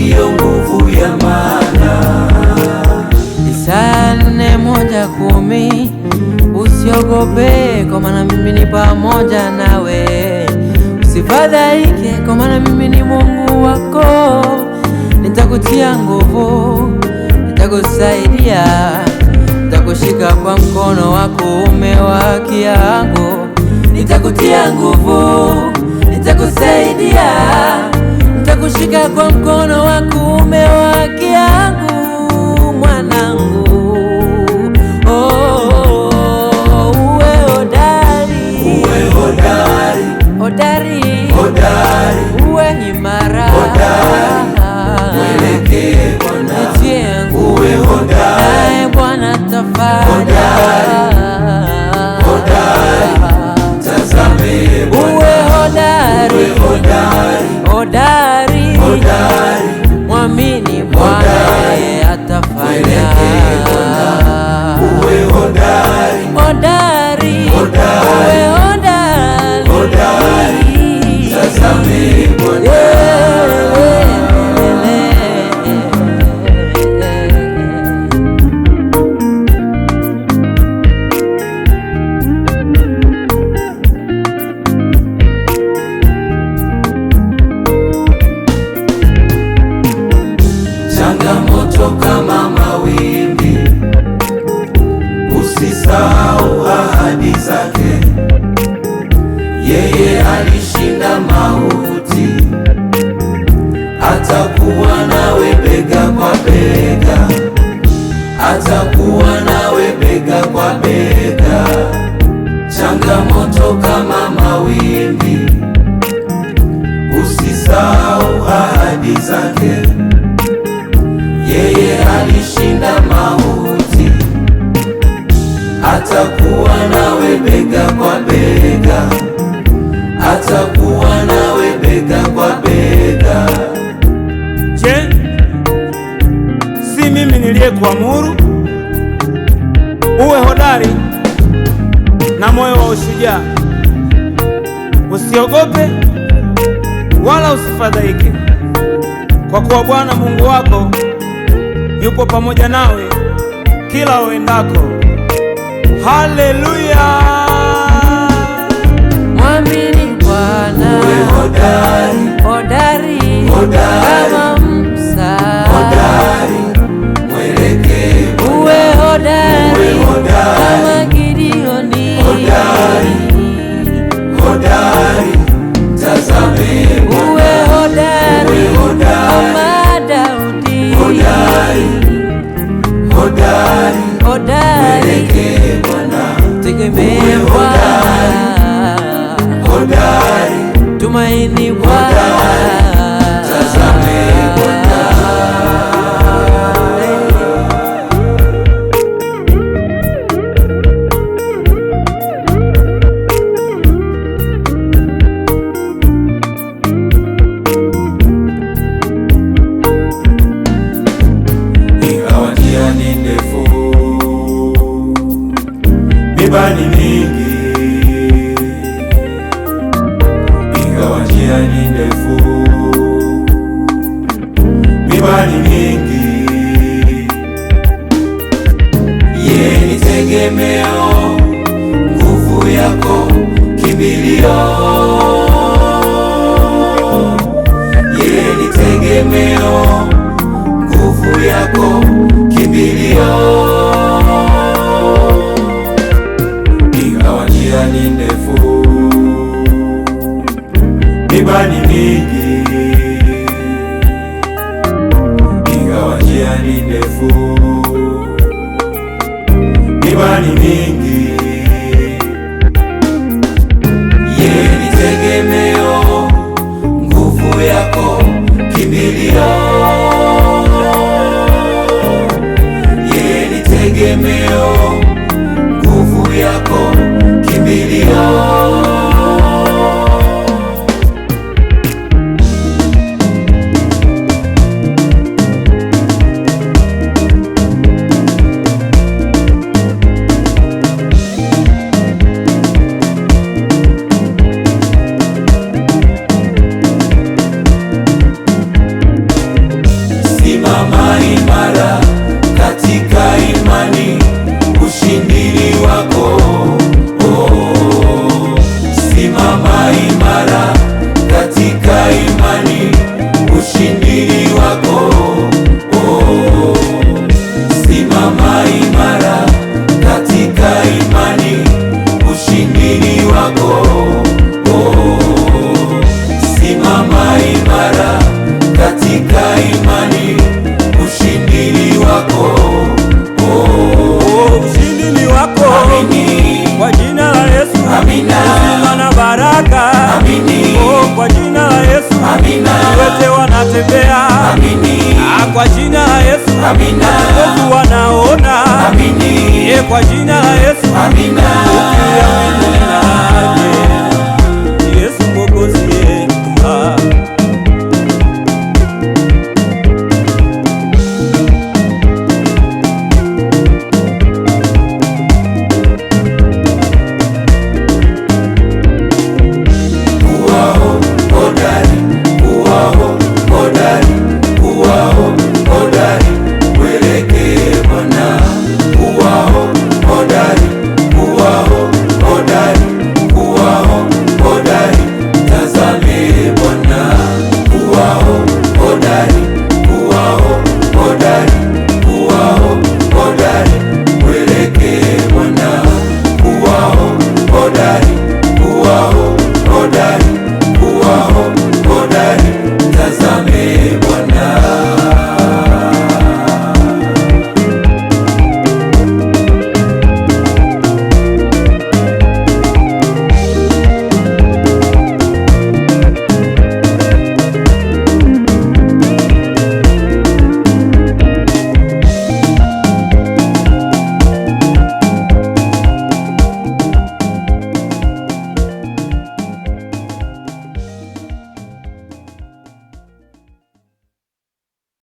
ndiyo nguvu ya maana. Isaya nne moja kumi usiogope, kwa maana mimi ni pamoja nawe, usifadhaike, kwa maana mimi ni Mungu wako, nitakutia nguvu, nitakusaidia, nitakushika kwa mkono wa kuume wa haki yangu, nitakutia nguvu, nitakusaidia Shika kwa mkono wa kuume wa kiangu mwanangu, oh, uwe hodari, uwe hodari, hodari, hodari, uwe imara, uwe hodari, Bwana tafadhali hodari hodari, mwamini Bwana atafanya. Uwe hodari, hodari, hodari, hodari, hodari, Bwana atakuwa nawe bega kwa bega, atakuwa nawe bega kwa bega. Changamoto kama mawimbi, usisahau ahadi zake. Yeye alishinda mauti, atakuwa nawe bega kwa bega, atakuwa aliyekuamuru uwe hodari na moyo wa ushujaa, usiogope wala usifadhaike, kwa kuwa Bwana Mungu wako yupo pamoja nawe kila uendako. Haleluya! Mwamini Bwana, uwe hodari, hodari, hodari. 不会忘。hiyo yeye ni tegemeo, nguvu yako, kimbilio. Ingawa njia ni ndefu, miiba ni mingi, ingawa njia ni ndefu mama camino